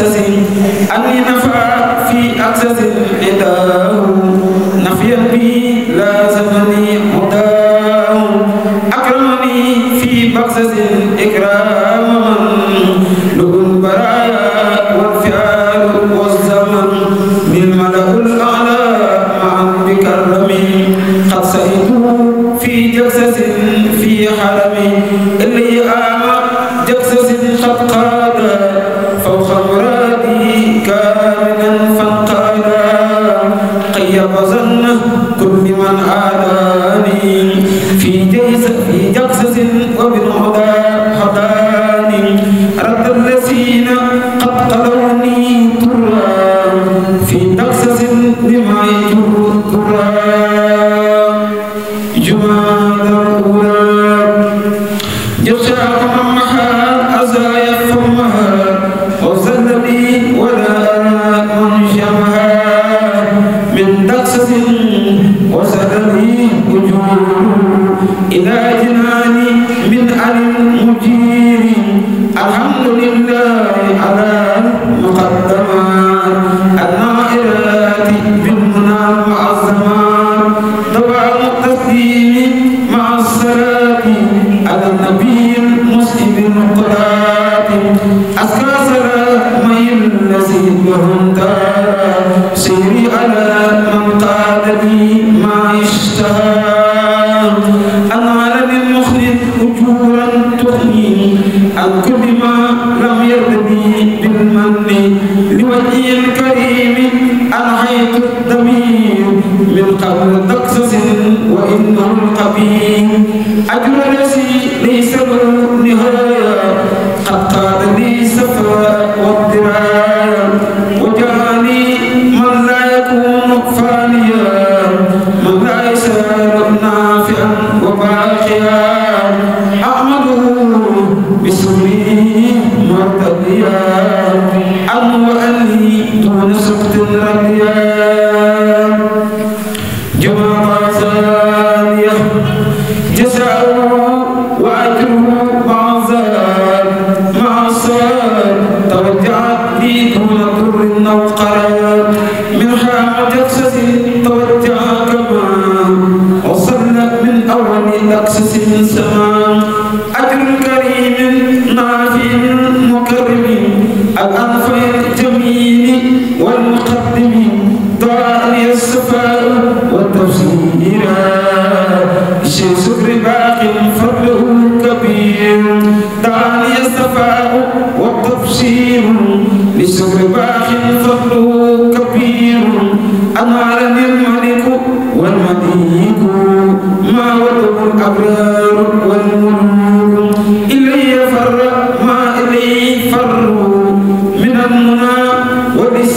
sa sëriñ المؤمن قرني سفاء والدماء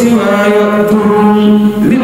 سوى يأتون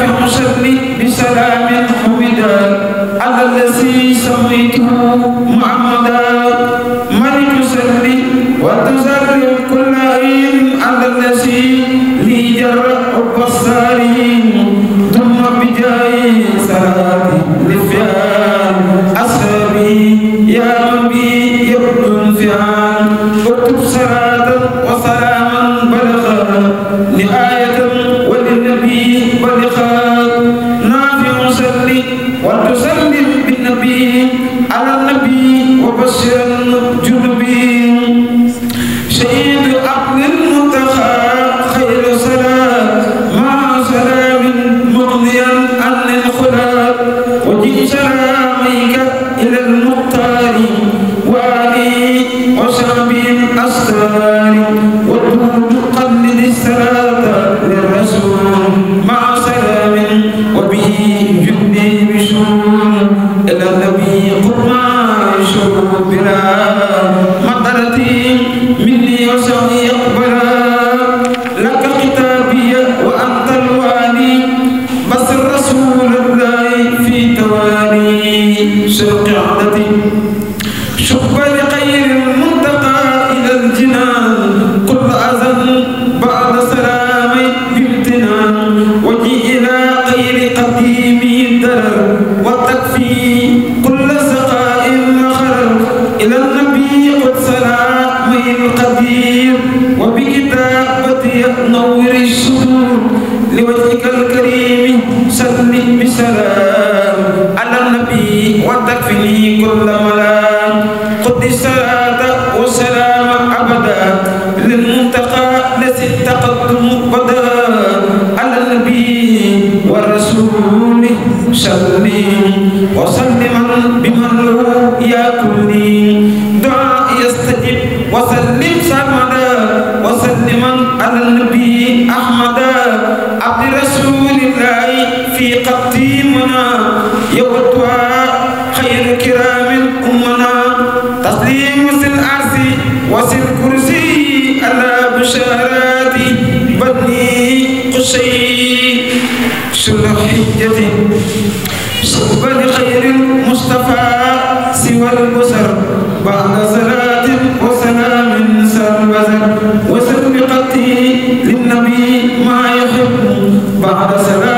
في مسلم بسلام حمدا على الذي سميته محمدا ملك سر وتزرع junub junub bi شرق عادتي شحبا وسل كرسي على بشارات بطني قشي شل حجة صحبة خير المصطفى سوى البصر بعد صلاة وسلام سربزر وسل بقتي للنبي ما يحب بعد سلام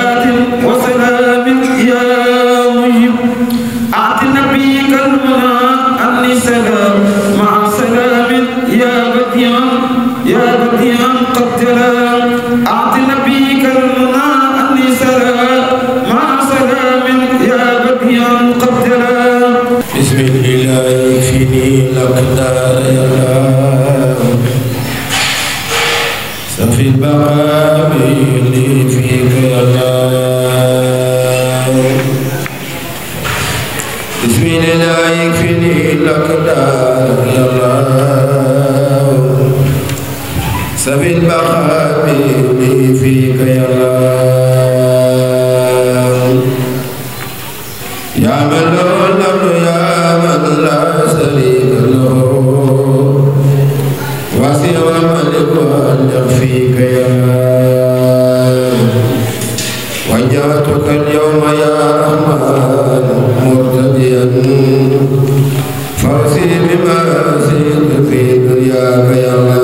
لك لا يلا سبي المخابئ فيك يلا يا من له الأمر يا من لا شريك له وسع الملك أن يخفيك يا وجهتك اليوم يا رحمن مرتديا بما زيد في الدنيا فيا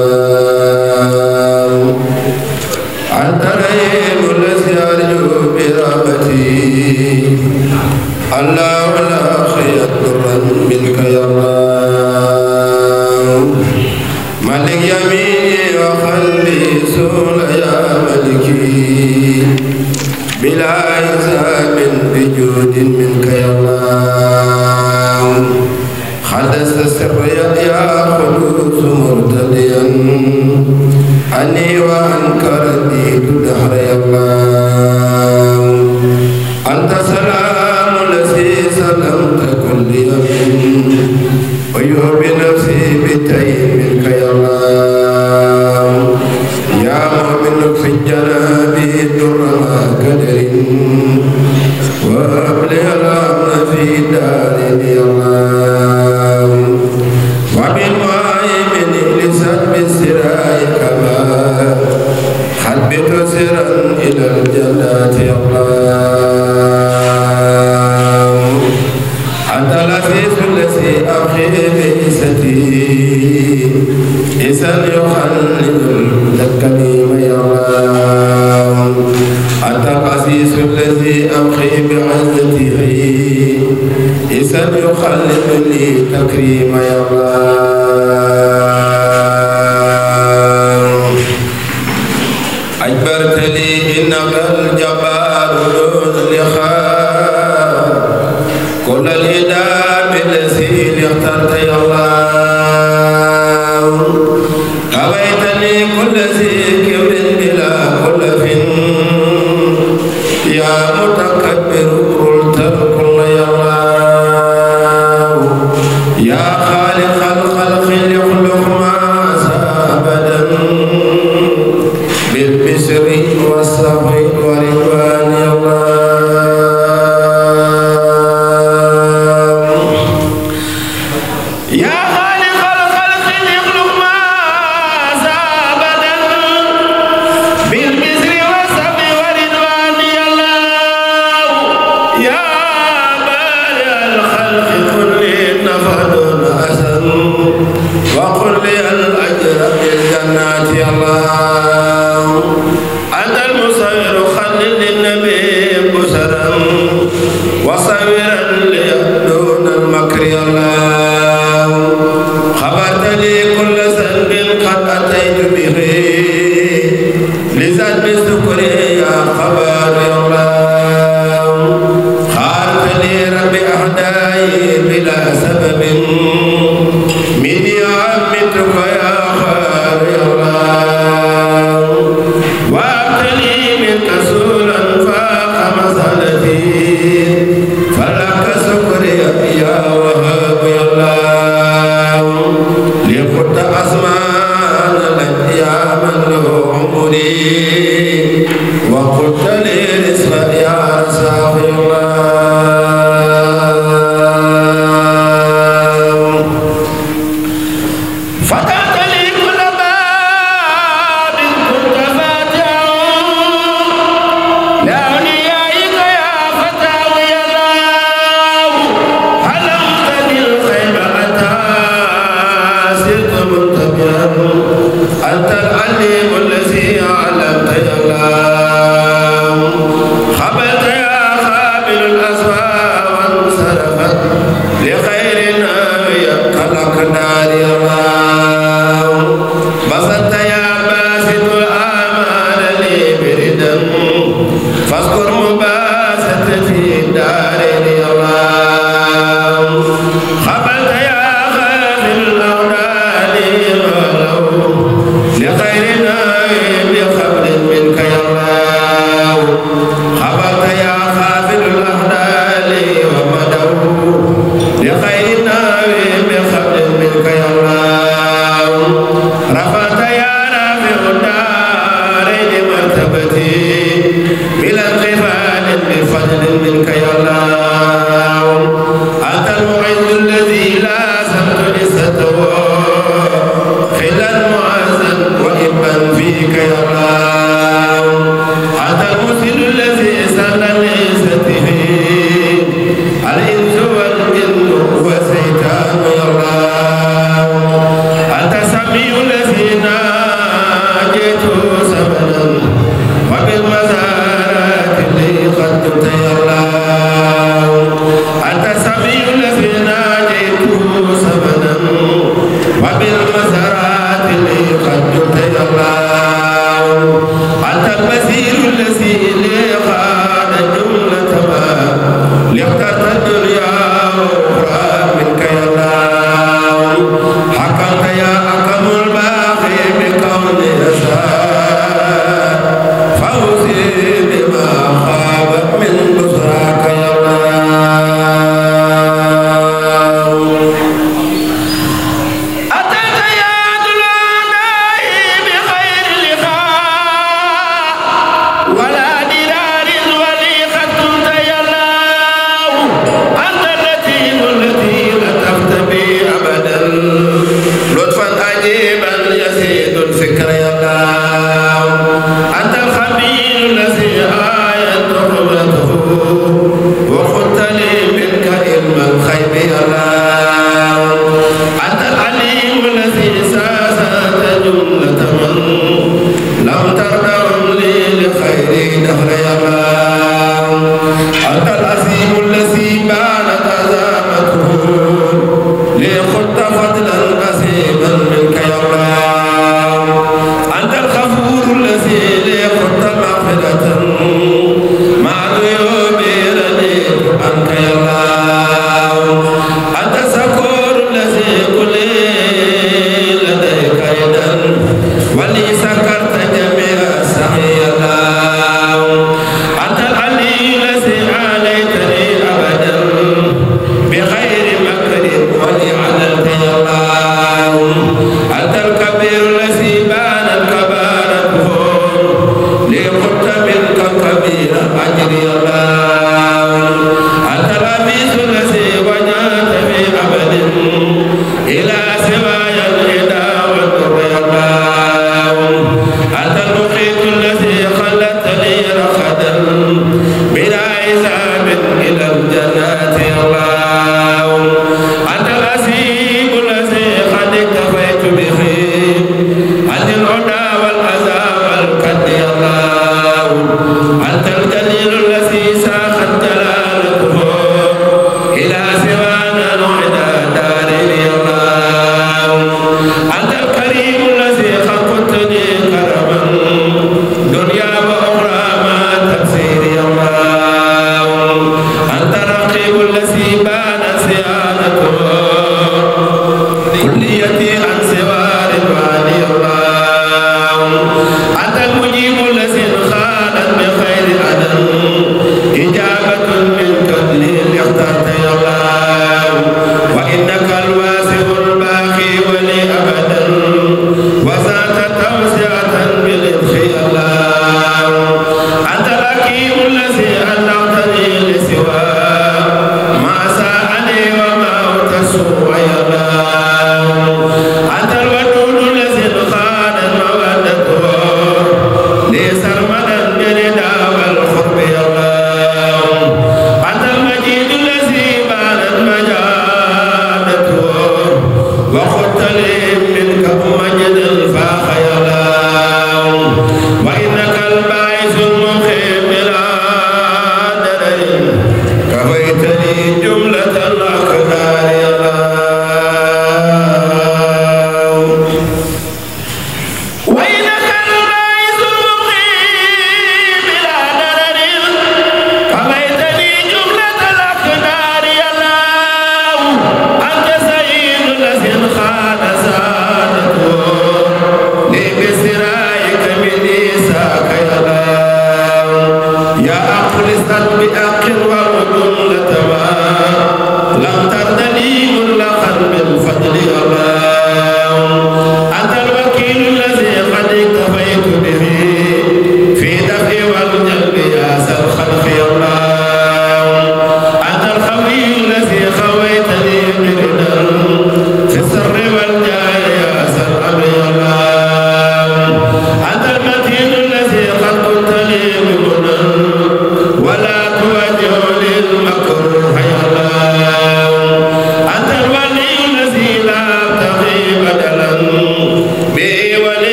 العزيز الذي أبقي بعزته إذا يخلد لي تكريم يا الله لخير ناوية خلقنا رضا بسطت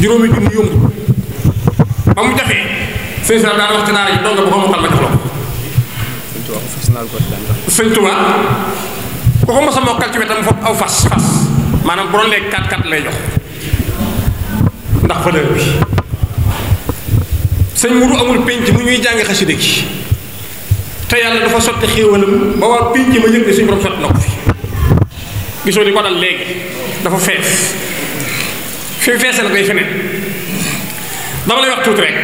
juróomi junni yomb ba mu jafe sëñ Saal daal wax ci daara ji dong bu ko mokkal ma jox la ko. sëñ Tuba ku ko mos a mokkal ci wetam foofu aw fas fas maanaam bu doon lekk kat lay jox ndax valeur bi sëñ Mourou amul penc mu ñuy jàngi xasida gi te yàlla dafa sotti xéewalam ba waa penc ma yëg ne suñu borom sotti na fi gisoo di ko dal léegi dafa fees. fi ba koy feneen dama lay wax tuuti rek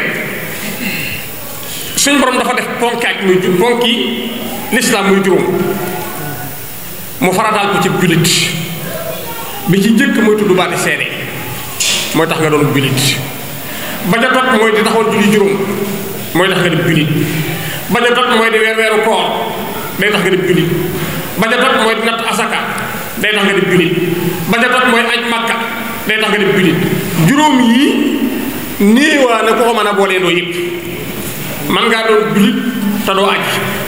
suñ borom dafa def ponk ak muy ponki lislaam muy juróom mu farataal ko ci jullit bi ji jëkk mooy tudd baati seede mooy tax nga doon jullit ba ca topp mooy di taxawal julli juróom mooy tax nga jullit ba mooy di weer weeru koor day tax nga def jullit ba mooy di natt asaka day tax nga def jullit ba mooy aj makka day tax nga def jullit juróom yii néewaa na ko ko mën a boolee doo yëpp man ngaa doon jullit te doo aj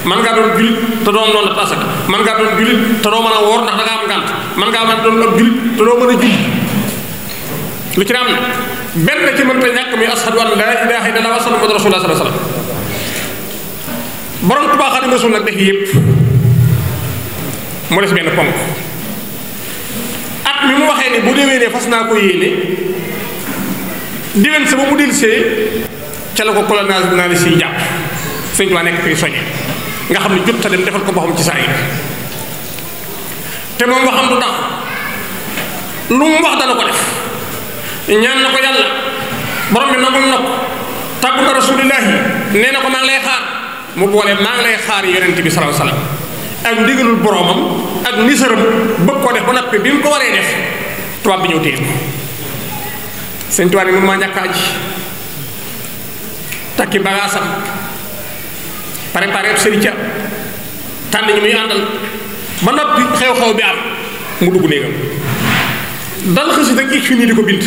man ngaa doon jullit te doo noonu te asaka man ngaa doon jullit mën a woor ndax da am ngànt man ngaa mën doon ab jullit te doo mën a julli lu ci ne am na benn ci mënta ñàkk mi ashadu an laa ilaaha illallaah wa sallam rasulullah sallallahu alayhi wa sallam borom Tuubaa Xaadimu Rasuul nag def yëpp mu des benn ponk mu waxee ne bu déwénee fas naa ko yéene déwén sama mu dellusee ca la ko colonage bi si ne siy jàpp sëñ bi nekk koy soñe nga xam ne jot ta dem defal ko boppam ci saa te moom waxam du tax lu mu wax dana ko def ñaan na ko yàlla borom bi nangul na ko tàggu na rasulillahi nee na ko maa ngi lay xaar mu boole maa ngi lay xaar yonent bi salaaw salaam ak ndigalul boroomam ak nisaram bëgg ko def ba noppi bi mu ko waree def tubaab bi ñëw téye ko sëñ tubaab yi mun maa ñàkk takki bagaasam préparé ab sëriñ ca tànn ñu muy àndal ba noppi xew-xew bi am mu dugg néegam dal xësit ak ik nii di ko bind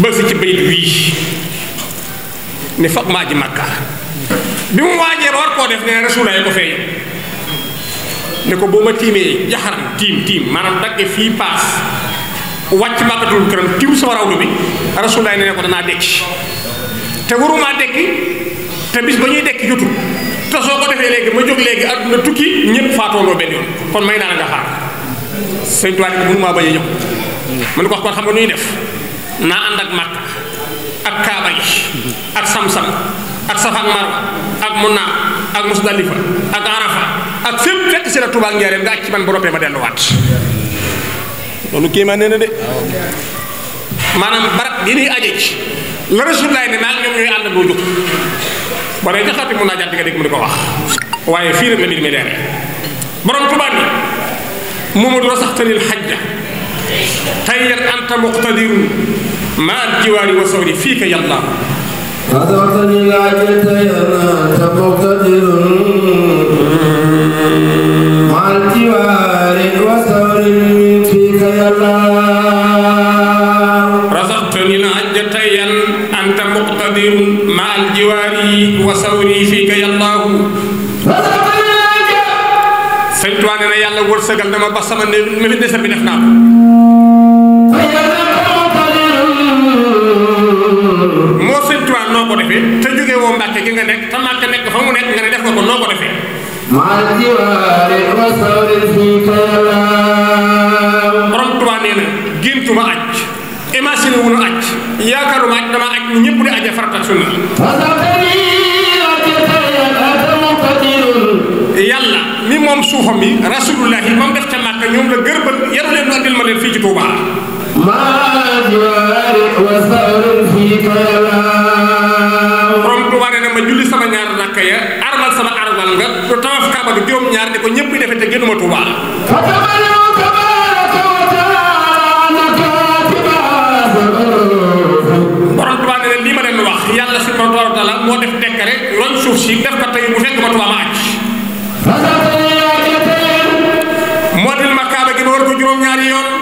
ba si ci bayit wii ni fab maa ji màkka bi mu waajee ba war koo def ne rasuulaay ko feeñ ne ko boo ma tiimee jaxaram tiim tiim maanaam dagge fii paas wàcc màkkatul këram tiim sama rawlu bi rasulaay ne ko danaa dekki te warumaa dekki te bis ba ñuy dekki jotul te soo ko defee léegi ma jóg léegi adduna tukki ñëpp faatoondoo benn yoon kon may naa la nga xaar sëñ tuwaay bi mënumaa a ñëw def naa ànd ak màkk ak kaaba yi ak ak fépp fekk si la Touba Njaareem nga àcc ma delluwaat loolu kéemaan nee na de maanaam barab yi ñuy la Rasulullaay ne naa ñoom ñooy ànd doo jóg ba dee jaxaati mun naa jàdd nga dégg mu di ko wax fii rek la mbir mi leere borom Touba ni Momadou rasaxtanil xajja tayyan anta muqtadirun maa jiwaari wa sawri fii ka yàlla. sëgal dama ba sama néew mi fi desal bi def naa ko moo sëñ Tuubaa noo ko defee te jóge woo Mbàkke gi nga nekk te Mbàkke nekk fa mu nekk nga ne def nga ko noo ko defee borom Tuubaa nee na géntuma aj imagine wu nu aj yaakaaruma aj dama aj ni ñëpp di aja farata sunna yàlla mi moom suufam bi rasulullahi moom def ca màkka ñoom la gërbal yaru leen nu andil ma fii ci Tuubaa borom Tuubaa nee na ma julli sama ñaar rakka ya armal sama armal nga te tawaf kaaba gi juróom-ñaar ni ko ñëpp defe te génnuma Tuubaa yàlla si ma toor dala moo def dekkare roñ suuf si def ko tey bu fekk ma tubaab ma aj moo dil ma kaaba gi ma war ko juróom-ñaari yoon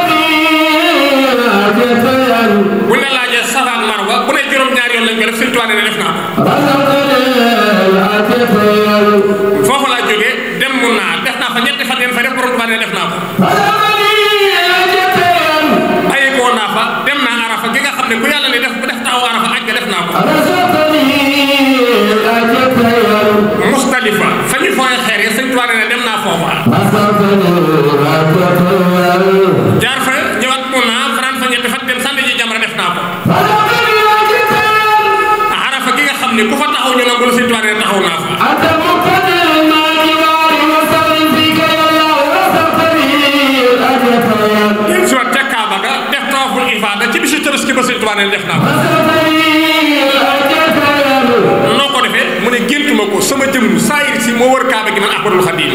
bu ñu la laajee Safa ak Marwa bu ne juróom-ñaari yoon lañ ko def Sëriñ Tuubaa ne def naa ko foofu laa jógee dem mun naa def naa fa ñetti fan yéen fa def borom Tuubaa ne def naa ko bàyyi koo naa fa dem naa Arafa gi nga xam ne bu yàlla ne def bu def taawu Arafa aj ga def naa ko Mustalifa fa ñu fooy xeer yi Sëriñ Tuubaa ne dem naa foofa daaneel def naa ko noo ko defee mu ne géntuma ko sama jëmm saayir si moo wër kaaba gi man Ahmadul Xadim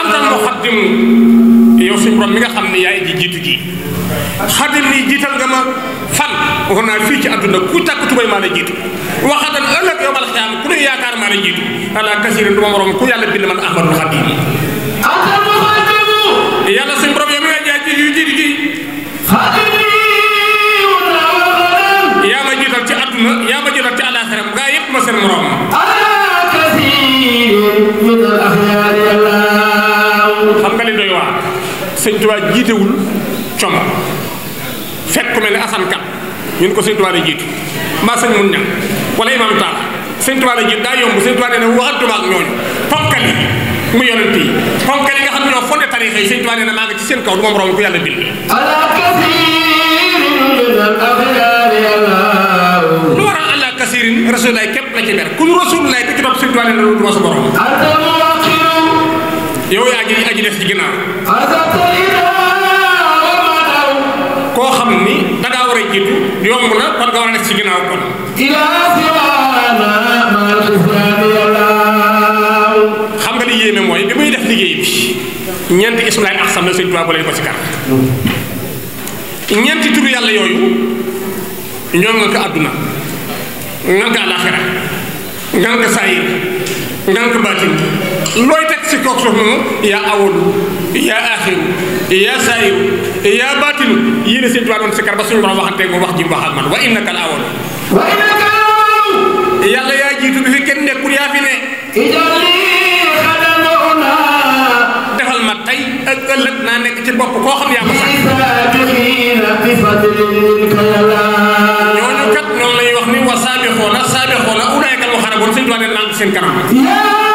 antal muxaddim yow suñu borom mi nga xam ne yaay ji jiitu ji xadim nii jiital nga ma naa fii ci àdduna ku tàkk maa la jiitu waxatan ëllëg yomal xiyaam ku ne yaakaar maa la jiitu ala kasirin du morom ku yàlla bind man ahmadul xadim sëñ Tuubaa jiitewul com fekk mel ne Asan Kan ñun ko sëñ Tuubaa la jiitu mbaa sëñ mun ñam wala imaam taala sëñ Tuubaa la jiitu daa yomb sëñ Tuubaa nee na waxatuma ak ñooñu ponkal yi mu yonent yi ponkal nga xam ne ñoo fonde ci seen kaw du moom romb ku yàlla bind lu waral àlla kasirin rasululaay képp la ci ber ku rasululaay ku ci topp sëñ Tuubaa nee na du ma sa yow yaa ngi aji des ci ginnaaw. koo xam ni da war a jiitu yomb na kon nga war a des ci ginnaaw kon. xam nga li yéeme mooy bi muy def liggéey bi ñeenti ismulaay axsam la sëñ ko ci kar ñeenti turu yàlla yooyu ñoo nga ko àdduna nga ko àllaaxira nga ko saayir nga ko baatin looy teg fi toog suuf noonu yaa awalu yaa axiru yaa saayiru yaa baatinu yéen a seen tubaab doon sikar ba suñu borom waxante moom wax ji mu wax ak man wa innaka la awalu wa innaka la awalu yàlla yaa jiitu bi fi kenn nekkul yaa fi ne defal ma tey ak ëllëg naa nekk ci bopp koo xam yaa ko sax ñooñu kat noonu lañuy wax ni wa saabixoona saabixoona ulaayka al muqarrabuun seen tubaab neen naan seen kanam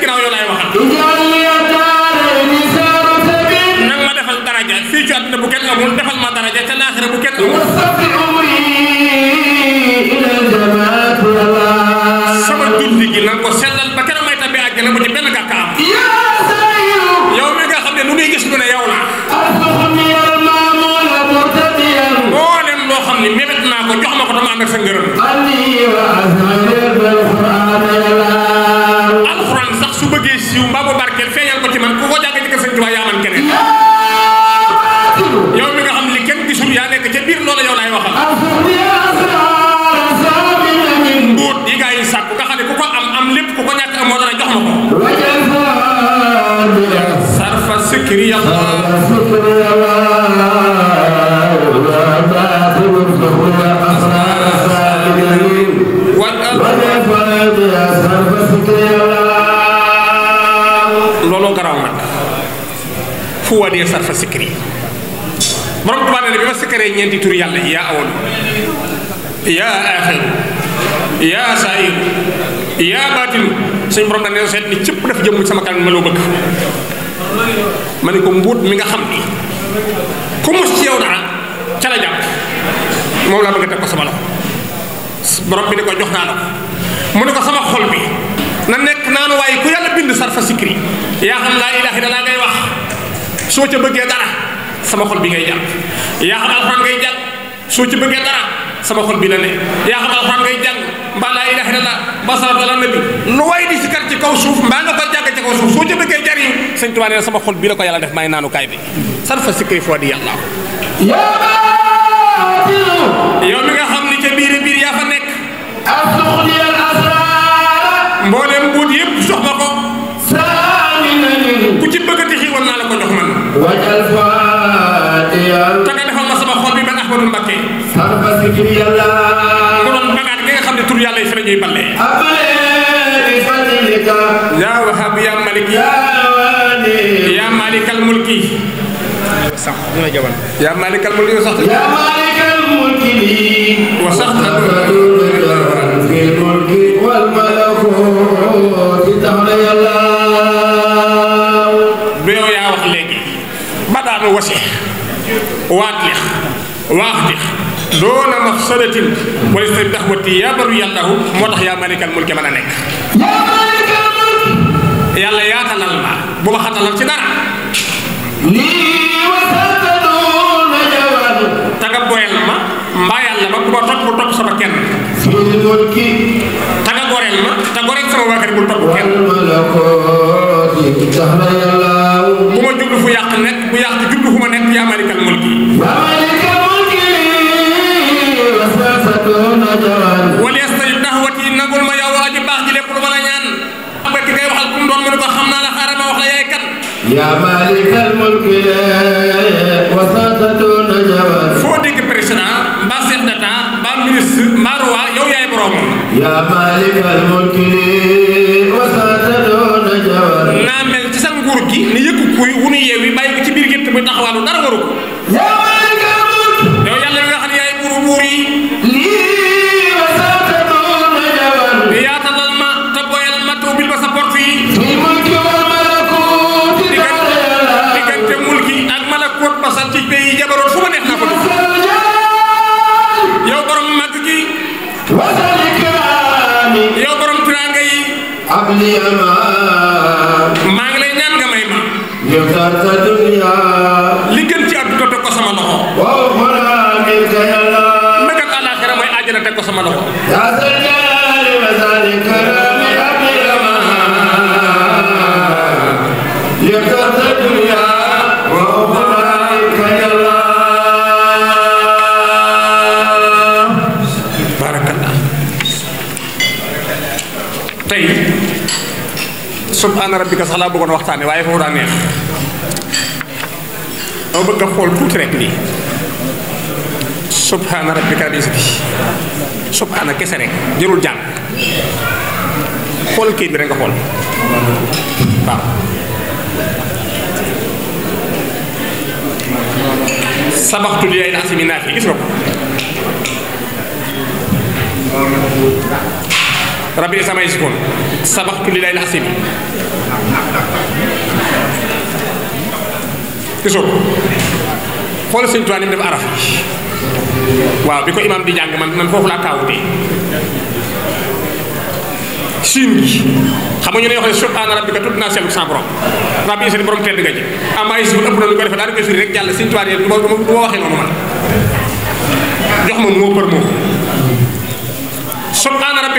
ginnaaw yow laay waxal nag ma defal daraja fii ci àdduna bu kenn amul defal ma daraja te laaxira bu kenn amul sama julli gi nag ko sellal ba kenn may tabbi àjjana bu ci benn gàkka am yow mi nga xam ne lu nuy gis lu ne yow la mboolem loo xam ne mébét naa ko jox ma ko dama ànd ak sa ngërëm su bëggee siiw mbaa ko barkeel feeñal ko ci man ku ko jàgg ci kër sëñ Tuubaa yaa man keneen yow mi nga xam li kenn gisul yaa nekk ca biir loola yow laay waxal mbóot yi gaa yi sàkku nga xam ne ku ko am am lépp ku ko ñàkk amoo dara jox ma ko sarfa sikri yàlla looloo garaaw nag fu wadee sarfa sikkir yi borom Tuubaa ne bi ma sikkaree ñeenti tur yàlla yi yaa awalu yaa aaxiru yaa saayiru yaa baatinu suñu borom da ne seet ni cëpp daf jëmm sama kanam ma bëgg ma ne ko mbuut mi nga xam ni ku mos ci yow dara ca la jàpp moom laa bëgg a ko sama loxo borom bi ne ko jox naa la ko mu ne ko sama xol bi na nekk naan waaye ku yàlla bind sarfa sikri yaa xam laa ilaaha soo ca bëggee dara xol bi ngay soo ca bëggee sama xol bi la ne yaa xam alxuraan ngay jàng mbaa laa ilaaha illa mbaa salaatu ala di sikar ci kaw nga ko jàng ca bëggee jariñ sëñ Tuubaa nee na sama xol bi la ko yàlla yow mi nga xam ni ca biir biir yaa fa nekk zikri yàlla. ku doon magaat nga xam ne tur yàlla yi fi la ñuy balle. yaa wahab yaa maliki. yaa malikal mulki. sax dina jabal. yaa malikal mulki sax. yaa malikal mulki. wa sax beew yaa wax léegi. badaanu wasi. waat lex. waax lex. doona mafsadatin wala sa tax wati yaa baru yàllahu moo tax yaa malikal mulki mën a nekk yàlla yaatalal ma bu ma xatalal ci dara taga boyal ma mbaa yàlla ma ku ma topp bu topp sama kenn taga goreel ma te goreel sama waa kër bu topp kenn bu ma jublu fu yàq nekk bu yàq jublu fu ma nekk yaa malikal mulki yaa maalikal mulki wasatatuna jawal foo dégg président mbaa chef d'état mbaa ministre mbaa roi yow yaay borom yaa maalikal mulki wasatatuna jawal naa mel ci sa nguur gi ne yëkku kuy wu nu yeew yi bàyyi ko ci biir gétt muy taxawaalu dara waru ko yaa maalikal mulki yow yàlla mi nga xam ne yaay buuru buur yi tax ci pays yi jabaroon fu ma neex naa ko def yow borom màgg gi yow borom tiraanga yi maa ngi lay ñaan nga may ma li gën ci àdduna teg ko sama loxo nagat àllaaxira mooy àjjana teg ko sama loxo yëpp subhaana rabbika sax laa bëggoon waxtaane waaye foofu daa neex dama bëgg a xool tuuti rek nii li ay naasi mi naa fi gis ko rabbi sama yasikoon sabaxtu li lay nax si bi gisoo ko xool sëñ ni mu def araf waaw bi ko imaam di jàng man man foofu laa kaawutee siin gi xam nga ñu ne wax ne subhaana rabbika tudd naa seetlu sa borom rabbi seen borom tedd nga ji amaay si ëpp na lu ko defee daal di koy suri rek jàll sëñ Tuubaa du ma du waxee noonu man jox ma moo par moo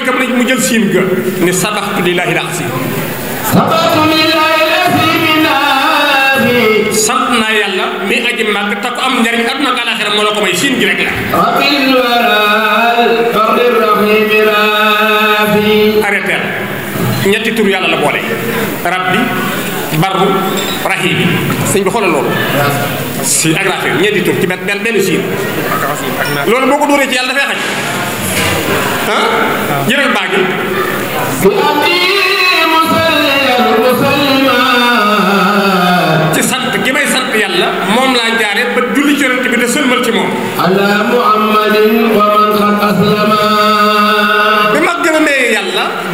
gëm nañ mu jël siin ga ne sadaxtu mi aji màgg te ko am njariñ àdduna ak àllaaxira moo la ko may siin gi rek la. arrêté ñetti tur yàlla rabbi barru rahim sëñ bi xoolal loolu. si ak rafet ñeenti tur ci benn benn siin loolu boo ko dóoree ci yàlla dafay xaj. ah yeneen baag yi ci sant gi may sant yàlla moom laa jaare ba julli ci yonent bi ci moom ala muhammadin wa man xad aslama ma gën a mee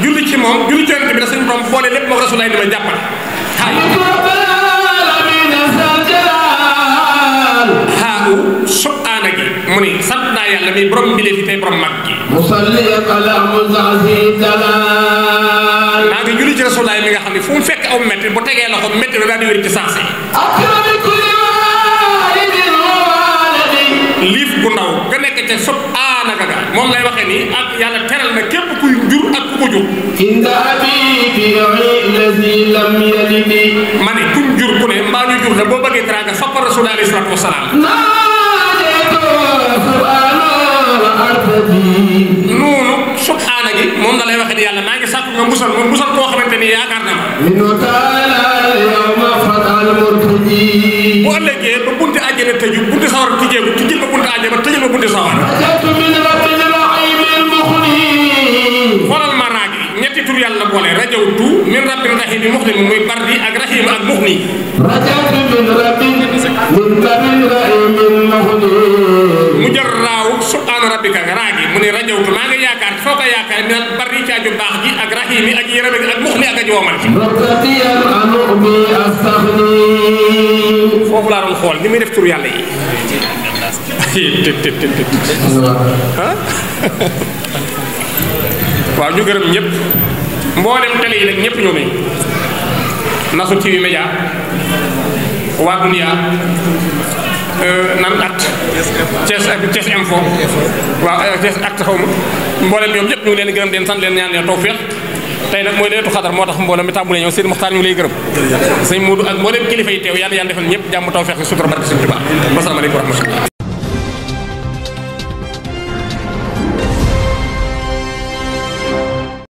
julli ci moom julli ci yonent bi da suñu borom boole lépp moom rasulaay di subhaana gi mu ni sant naa yàlla mi borom mbindéef yi tey borom mag gi naa ngi julli ci mi nga xam ne fu mu fekk aw metti bu tegee loxo metti lu daal liif bu ndaw nga nekk ca subhaana ga moom lay waxee nii ak ah, yàlla teral na képp kuy jur ak ku ko jur ma ne kuñ jur ku ne mbaa ñu jur la boo bëggee teraanga fappa rasulaay alayhi salaatu noonu subhaana gi moom da lay waxee ni yàlla naa ngi sàkk nga musal nga musal koo xamante ni yaakaar naa. boole rajawtu min rabbil rahimi muxlim muy bardi ak rahim ak muxni rajawtu min rabbi min bardi rahimin muxni mu jël raaw subhaana rabbika raa gi mu ne rajawtu maa ngi yaakaar foo ko yaakaar min bardi ci aju baax ji ak rahimi ak yërëm ak muxni ak aju womal ji foofu laa doon xool ni muy def tur yàlla yi waaw ñu mboolem télé yi nag ñëpp ñëw nañ Nasrou TV waa Dunia euh, nan at Thiès ak Thiès Info euh, mboolem ñoom ñëpp ñu leen gërëm leen sant leen ñaan leen taw féex tey nag mooy leetu xadar moo tax mboolem mi tàmbalee ñëw Sëriñ Muxtaar ñu ngi lay gërëm sëñ Moodu ak mboolem kilifa yi teew yàlla yàlla defal ñëpp jàmm taw feex sutura barke Sëriñ Tuubaa wasalaamaaleykum wa rahmatulah